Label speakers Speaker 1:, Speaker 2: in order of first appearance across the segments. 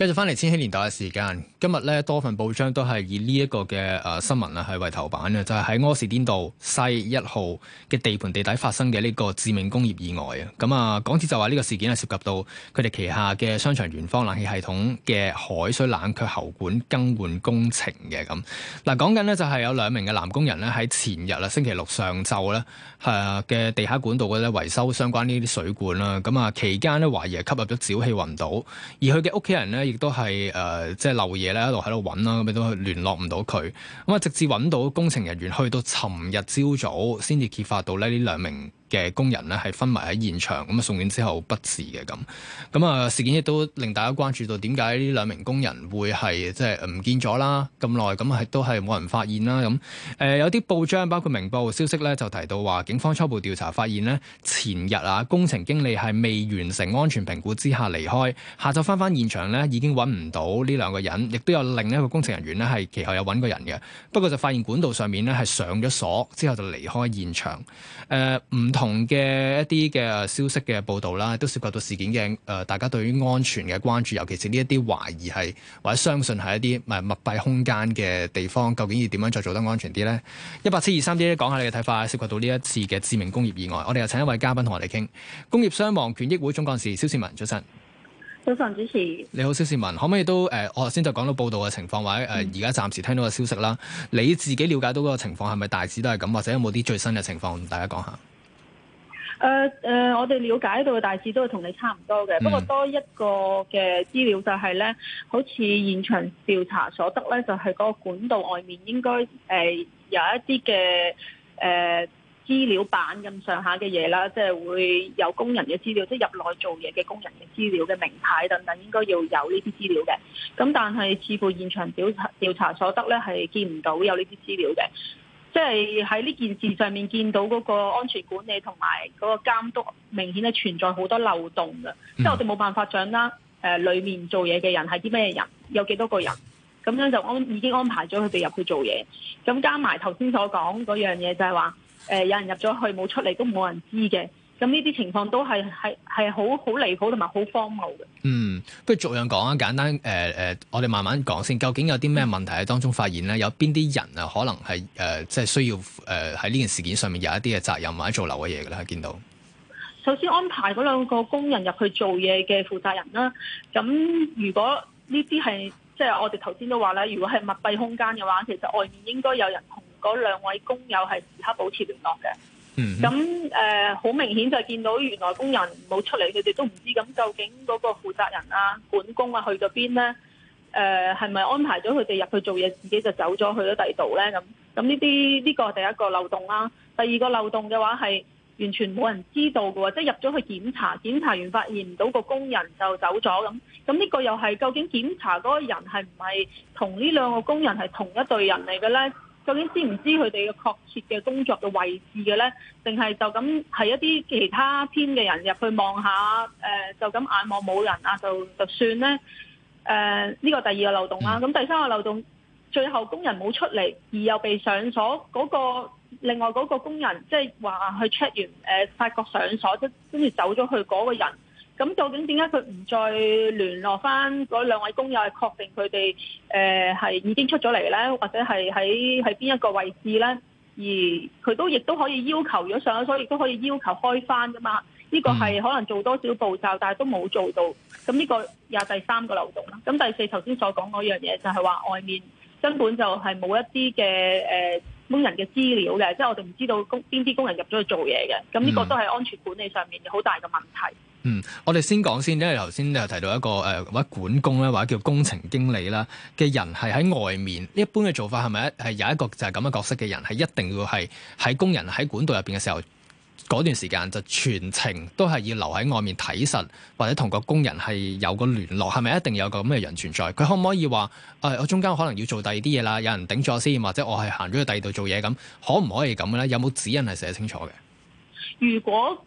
Speaker 1: 繼續翻嚟千禧年代嘅時間，今日咧多份報章都係以呢一個嘅誒、呃、新聞啊，係為頭版嘅，就係喺柯士甸道西一號嘅地盤地底發生嘅呢個致命工業意外啊！咁啊，港鐵就話呢個事件係涉及到佢哋旗下嘅商場圓方冷氣系統嘅海水冷卻喉管更換工程嘅咁。嗱、啊，講緊呢，就係有兩名嘅男工人咧喺前日啦，星期六上晝咧誒嘅地下管道嗰啲維修相關呢啲水管啦，咁啊期間咧懷疑係吸入咗沼氣暈倒，而佢嘅屋企人咧。亦都係誒，即係漏嘢咧，一路喺度揾啦，咁亦都聯絡唔到佢，咁啊，直至揾到工程人員去到尋日朝早，先至揭發到咧呢兩名嘅工人咧係昏迷喺現場，咁啊送院之後不治嘅咁。咁啊事件亦都令大家關注到點解呢兩名工人會係即係唔見咗啦咁耐，咁係都係冇人發現啦咁。誒、呃、有啲報章包括明報消息咧就提到話警方初步調查發現咧前日啊工程經理係未完成安全評估之下離開，下晝翻翻現場咧已經揾唔到呢兩個人，亦都有另一個工程人員咧係其後有揾過人嘅，不過就發現管道上面咧係上咗鎖之後就離開現場誒唔同。呃同嘅一啲嘅消息嘅報道啦，都涉及到事件嘅、呃。大家對於安全嘅關注，尤其是呢一啲懷疑係或者相信係一啲密閉空間嘅地方，究竟要點樣再做得安全啲咧？3D, 一八七二三 D 講下你嘅睇法，涉及到呢一次嘅致命工業意外。我哋又請一位嘉賓同我哋傾，工業傷亡權益會總幹事蕭倩文出身。早
Speaker 2: 晨，防主
Speaker 1: 持你好，蕭倩文，可唔可以都誒、呃、我頭先就講到報道嘅情況或者誒而家暫時聽到嘅消息啦、嗯。你自己了解到嗰個情況係咪大致都係咁，或者有冇啲最新嘅情況大家講下。
Speaker 2: 誒誒，我哋了解到嘅大致都係同你差唔多嘅、嗯，不過多一個嘅資料就係咧，好似現場調查所得咧，就係嗰個管道外面應該誒有一啲嘅誒資料板咁上下嘅嘢啦，即係會有工人嘅資料，即係入內做嘢嘅工人嘅資料嘅名牌等等，應該要有呢啲資料嘅。咁但係似乎現場調查調查所得咧，係見唔到有呢啲資料嘅。即係喺呢件事上面見到嗰個安全管理同埋嗰個監督明顯係存在好多漏洞嘅，即係我哋冇辦法掌握誒、呃，裡面做嘢嘅人係啲咩人？有幾多個人？咁樣就安已經安排咗佢哋入去做嘢。咁加埋頭先所講嗰樣嘢就係話，誒、呃、有人入咗去冇出嚟都冇人知嘅。咁呢啲情況都係係係好好離譜，同埋好荒謬嘅。嗯，
Speaker 1: 不如逐樣講啊，簡單誒誒、呃呃，我哋慢慢講先。究竟有啲咩問題喺當中發現咧？有邊啲人啊，可能係誒即係需要誒喺呢件事件上面有一啲嘅責任，或者做漏嘅嘢嘅咧？見到
Speaker 2: 首先安排嗰兩個工人入去做嘢嘅負責人啦。咁如果呢啲係即係我哋頭先都話咧，如果係密閉空間嘅話，其實外面應該有人同嗰兩位工友係時刻保持聯絡嘅。咁、嗯、誒，好、呃、明顯就見到原來工人冇出嚟，佢哋都唔知咁究竟嗰個負責人啊、管工啊去咗邊咧？誒、呃，係咪安排咗佢哋入去做嘢，自己就走咗去咗第二度咧？咁咁呢啲呢個第一個漏洞啦、啊，第二個漏洞嘅話係完全冇人知道㗎喎，即係入咗去檢查，檢查完發現唔到個工人就走咗咁，咁呢個又係究竟檢查嗰個人係唔係同呢兩個工人係同一隊人嚟嘅咧？究竟知唔知佢哋嘅確切嘅工作嘅位置嘅呢？定係就咁係一啲其他編嘅人入去望下？誒、呃，就咁眼望冇人啊，就就算呢，誒、呃，呢、呢個第二個漏洞啦、啊。咁第三個漏洞，最後工人冇出嚟，而又被上鎖嗰個另外嗰個工人，即係話去 check 完誒、呃，發覺上鎖，即跟住走咗去嗰個人。咁究竟點解佢唔再聯絡翻嗰兩位工友，係確定佢哋誒係已經出咗嚟咧，或者係喺喺邊一個位置咧？而佢都亦都可以要求了，如果上咗鎖，亦都可以要求開翻㗎嘛？呢個係可能做多少步驟，但係都冇做到。咁呢個又係第三個漏洞啦。咁第四，頭先所講嗰樣嘢就係話外面根本就係冇一啲嘅誒工人嘅資料嘅，即係我哋唔知道工邊啲工人入咗去做嘢嘅。咁呢個都係安全管理上面好大嘅問題。嗯
Speaker 1: 嗯，我哋先講先，因為頭先你又提到一個呃、或者管工咧，或者叫工程經理啦嘅人，係喺外面一般嘅做法係咪係係有一個就係咁嘅角色嘅人，係一定要係喺工人喺管道入邊嘅時候嗰段時間就全程都係要留喺外面睇實，或者同個工人係有個聯絡，係咪一定有個咁嘅人存在？佢可唔可以話誒、呃？我中間可能要做第二啲嘢啦，有人頂咗先，或者我係行咗去第二度做嘢咁，可唔可以咁嘅咧？有冇指引係寫清楚嘅？
Speaker 2: 如果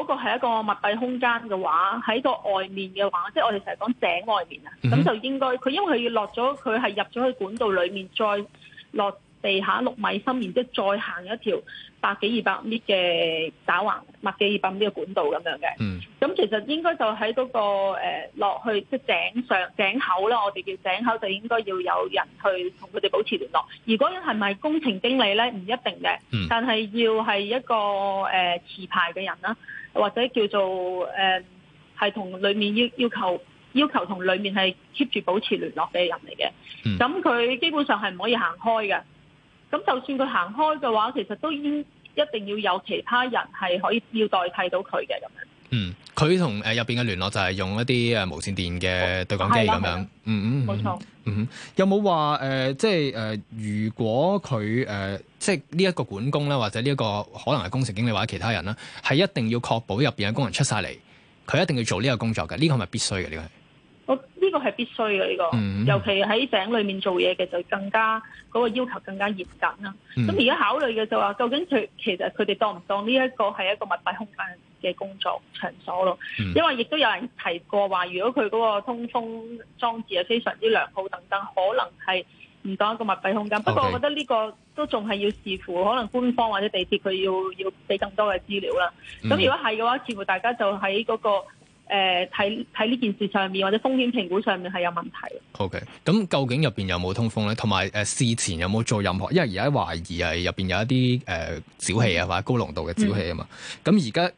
Speaker 2: 嗰、那個係一個密閉空間嘅話，喺個外面嘅話，即係我哋成日講井外面啊，咁就應該佢因為佢要落咗，佢係入咗去管道裏面，再落地下六米深，然之後再行一條百幾二百米嘅打橫，百幾二百米嘅管道咁樣嘅。咁、嗯、其實應該就喺嗰、那個落、呃、去即係井上井口啦，我哋叫井口就應該要有人去同佢哋保持聯絡。如果係咪工程經理咧，唔一定嘅，但係要係一個誒、呃、持牌嘅人啦。或者叫做誒，係、嗯、同裏面要求要求要求同裏面係 keep 住保持聯絡嘅人嚟嘅，咁、嗯、佢基本上係唔可以行開嘅。咁就算佢行開嘅話，其實都應一定要有其他人係可以要代替到佢嘅咁樣，嗯，
Speaker 1: 佢同誒入邊嘅聯絡就係用一啲誒無線電嘅對講機咁樣。嗯嗯，冇、嗯、錯、嗯嗯。嗯，有冇話誒即係誒、呃、如果佢誒。呃即係呢一個管工啦，或者呢一個可能係工程經理或者其他人啦，係一定要確保入邊嘅工人出晒嚟，佢一定要做呢個工作嘅，呢、這個係咪必須嘅呢、這個這個。
Speaker 2: 我呢個係必須嘅呢個，尤其喺井裏面做嘢嘅就更加嗰、那個要求更加嚴格啦。咁而家考慮嘅就話、是，究竟佢其,其實佢哋當唔當呢一個係一個密閉空間嘅工作場所咯、嗯？因為亦都有人提過話，如果佢嗰個通風裝置係非常之良好等等，可能係。唔當一個密閉空間，不過我覺得呢個都仲係要視乎、okay. 可能官方或者地鐵佢要要俾更多嘅資料啦。咁、嗯、如果係嘅話，似乎大家就喺嗰、個誒睇睇呢件事上面或者風險評估上面係有問題
Speaker 1: 嘅。O K. 咁究竟入邊有冇通風咧？同埋誒事前有冇做任何？因為而家懷疑係入邊有一啲誒沼氣啊，或者高濃度嘅沼氣啊嘛。咁而家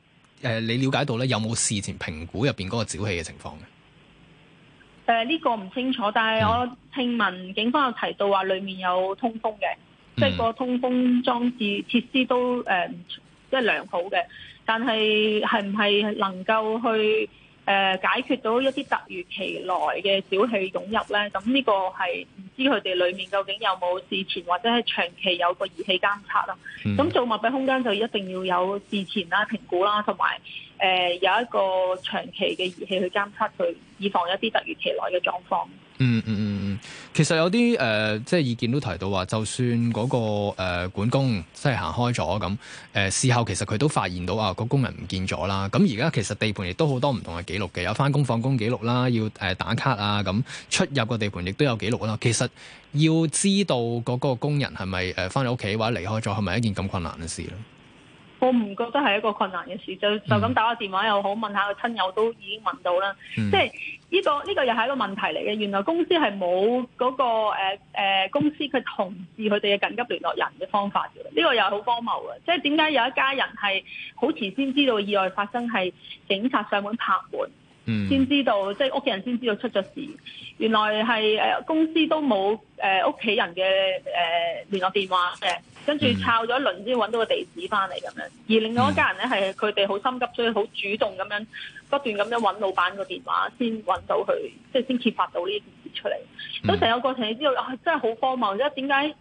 Speaker 1: 誒你了解到咧，有冇事前評估入邊嗰個沼氣嘅情況？
Speaker 2: 誒、呃、呢、呢個唔清楚，但係我聽聞警方有提到話裏面有通風嘅，即係個通風裝置設施都誒即係良好嘅，但係係唔係能夠去？誒解決到一啲突如其來嘅沼氣湧入咧，咁呢個係唔知佢哋裏面究竟有冇事前或者係長期有個儀器監測啦。咁、嗯、做密閉空間就一定要有事前啦、評估啦，同埋誒有一個長期嘅儀器去監測佢，以防一啲突如其來嘅狀況。嗯嗯嗯。
Speaker 1: 嗯。其實有啲誒、呃，即係意見都提到話，就算嗰、那個、呃、管工真係行開咗咁、呃，事後其實佢都發現到啊，個工人唔見咗啦。咁而家其實地盤亦都好多唔同嘅記錄嘅，有翻工放工記錄啦，要、呃、打卡啊，咁出入個地盤亦都有記錄啦。其實要知道嗰個工人係咪返到屋企或者離開咗，係咪一件咁困難嘅事咧？
Speaker 2: 我唔覺得係一個困難嘅事，就就咁打個電話又好，問下個親友都已經問到啦、嗯。即係呢個呢個又係一個問題嚟嘅。原來公司係冇嗰個誒、呃呃、公司佢同事佢哋嘅緊急聯絡人嘅方法嘅。呢個又好荒謬嘅。即係點解有一家人係好遲先知道意外發生係警察上門拍門？先、嗯、知道，即係屋企人先知道出咗事，原來係、呃、公司都冇屋企人嘅誒、呃、聯絡電話嘅，跟住抄咗一輪先搵到個地址翻嚟咁樣。而另外一家人咧，係佢哋好心急，所以好主動咁樣不斷咁樣搵老闆個電話，先搵到佢，即係先揭發到呢件事出嚟。咁、嗯、成個過程，你知道、啊、真係好荒謬，即係點解？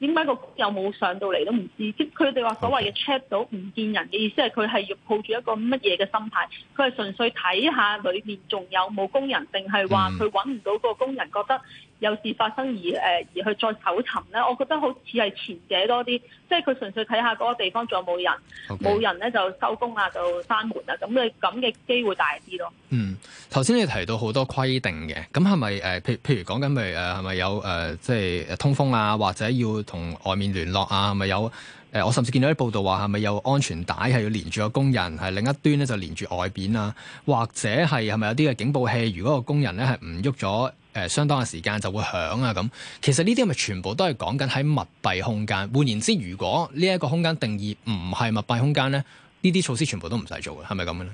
Speaker 2: 點解個工友冇上到嚟都唔知？即佢哋話所謂嘅 check 到唔見人嘅意思係佢係要抱住一個乜嘢嘅心態？佢係純粹睇下裏面仲有冇工人，定係話佢揾唔到個工人，覺得？有事發生而誒而去再搜尋咧，我覺得好似係前者多啲，即係佢純粹睇下嗰個地方仲有冇人，冇、okay. 人咧就收工啊，就閂門啦。咁你咁嘅機會大啲
Speaker 1: 咯。嗯，頭先你提到好多規定嘅，咁係咪誒？譬譬如講緊，咪，如誒係咪有誒，即係通風啊，或者要同外面聯絡啊？係咪有誒、呃？我甚至見到啲報道話係咪有安全帶係要連住個工人，係另一端咧就連住外邊啊，或者係係咪有啲嘅警報器？如果個工人咧係唔喐咗，誒、呃，相當嘅時間就會響啊咁。其實呢啲係咪全部都係講緊喺密閉空間？換言之，如果呢一個空間定義唔係密閉空間咧，呢啲措施全部都唔使做嘅，係咪咁樣咧？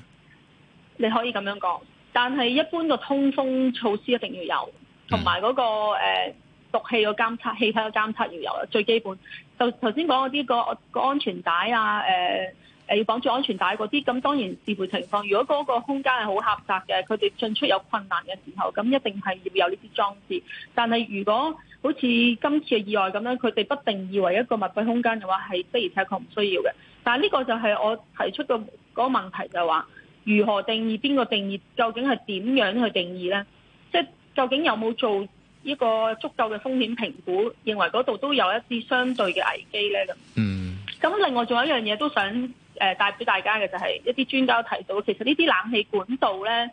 Speaker 1: 你可以咁
Speaker 2: 樣講，但係一般個通風措施一定要有，同埋嗰個、呃、毒氣嘅監測、氣體嘅監測要有，最基本就頭先講嗰啲個個安全帶啊，呃誒要綁住安全帶嗰啲，咁當然視乎情況。如果嗰個空間係好狹窄嘅，佢哋進出有困難嘅時候，咁一定係要有呢啲裝置。但係如果好似今次嘅意外咁樣，佢哋不定義為一個密閉空間嘅話，係的而且確唔需要嘅。但係呢個就係我提出個嗰個問題就，就係話如何定義邊個定義？究竟係點樣去定義呢？即係究竟有冇做一個足夠嘅風險評估，認為嗰度都有一啲相對嘅危機呢？咁嗯，咁另外仲有一樣嘢都想。誒帶俾大家嘅就係一啲專家提到，其實呢啲冷氣管道咧，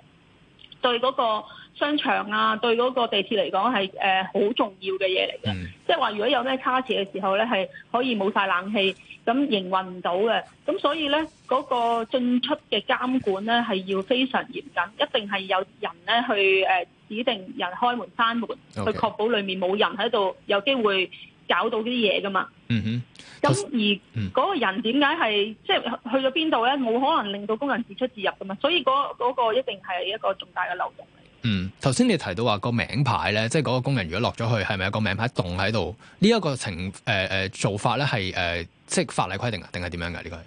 Speaker 2: 對嗰個商場啊，對嗰個地鐵嚟講係誒好重要嘅嘢嚟嘅。即係話如果有咩差池嘅時候咧，係可以冇晒冷氣，咁營運唔到嘅。咁所以咧，嗰、嗰個進出嘅監管咧係要非常嚴謹，一定係有人咧去誒、呃、指定人開門閂門，去確保裡面冇人喺度有機會。搞到啲嘢㗎嘛？嗯哼，咁而嗰個人點解係即係去到邊度咧？冇可能令到工人自出自入㗎嘛？所以嗰、嗰個嗰個一定係一個重大嘅漏洞
Speaker 1: 嚟。嗯，頭先你提到話個名牌咧，即係嗰個工人如果落咗去，係咪有個名牌棟喺度？呢、呢、一個情、呃、做法咧，係、呃、即係法例規定啊，定係點樣㗎？呢、呢個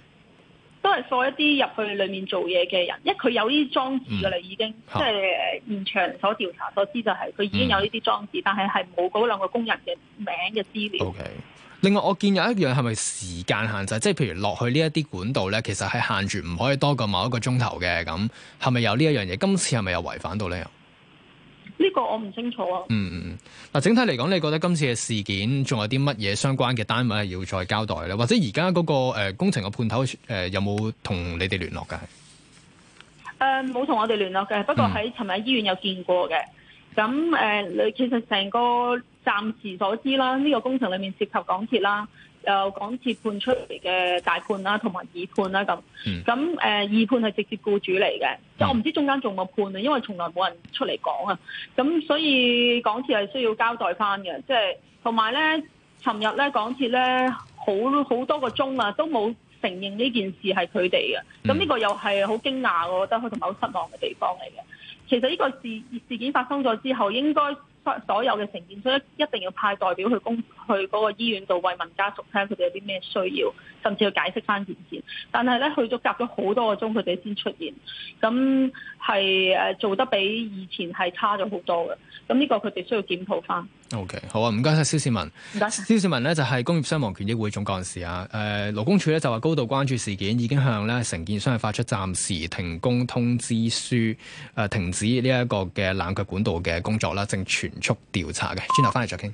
Speaker 2: 係一啲入去裏面做嘢嘅人，因為佢有呢啲裝置噶啦，已經、嗯、即係現場所調查所知就係、嗯、佢已經有呢啲裝置，但係係冇嗰兩個工人嘅名嘅資料。
Speaker 1: Okay. 另外我見有一樣係咪時間限制，即係譬如落去呢一啲管道呢，其實係限住唔可以多過某一個鐘頭嘅，咁係咪有呢一樣嘢？今次係咪又違反到呢？
Speaker 2: 呢、呢個
Speaker 1: 我唔清楚啊。嗯嗯嗱，整體嚟講，你覺得今次嘅事件仲有啲乜嘢相關嘅單位係要再交代咧？或者而家嗰個誒、呃、工程嘅判頭誒、呃、有冇同你哋聯絡噶？誒、
Speaker 2: 呃，冇同我哋聯絡嘅，不過喺尋日醫院有見過嘅。咁、嗯、誒、呃，你其實成個暫時所知啦，呢、呢個工程裏面涉及港鐵啦。就港鐵判出嚟嘅大判啦，同埋二判啦咁，咁誒二判係直接僱主嚟嘅，即、嗯、我唔知中間仲冇判啊，因為從來冇人出嚟講啊。咁所以港鐵係需要交代翻嘅，即係同埋咧，尋日咧港鐵咧好好多個鐘啊，都冇承認呢件事係佢哋嘅。咁、嗯、呢個又係好驚訝，我覺得佢同埋好失望嘅地方嚟嘅。其實呢個事事件發生咗之後，應該，所有嘅承建商一定要派代表去公去嗰個醫院度慰問家屬，睇下佢哋有啲咩需要，甚至要解釋翻件事。但係咧，去咗隔咗好多個鐘，佢哋先出現，咁係誒做得比以前係差咗好多嘅。咁呢個佢哋需要檢討翻。
Speaker 1: OK，好啊，唔該晒蕭倩文。唔該。蕭倩文咧就係工業傷亡權益會總幹事啊。誒、呃，勞工處咧就話高度關注事件，已經向咧承建商係發出暫時停工通知書，誒、呃、停止呢一個嘅冷卻管道嘅工作啦，正全速調查嘅，轉頭翻嚟再傾。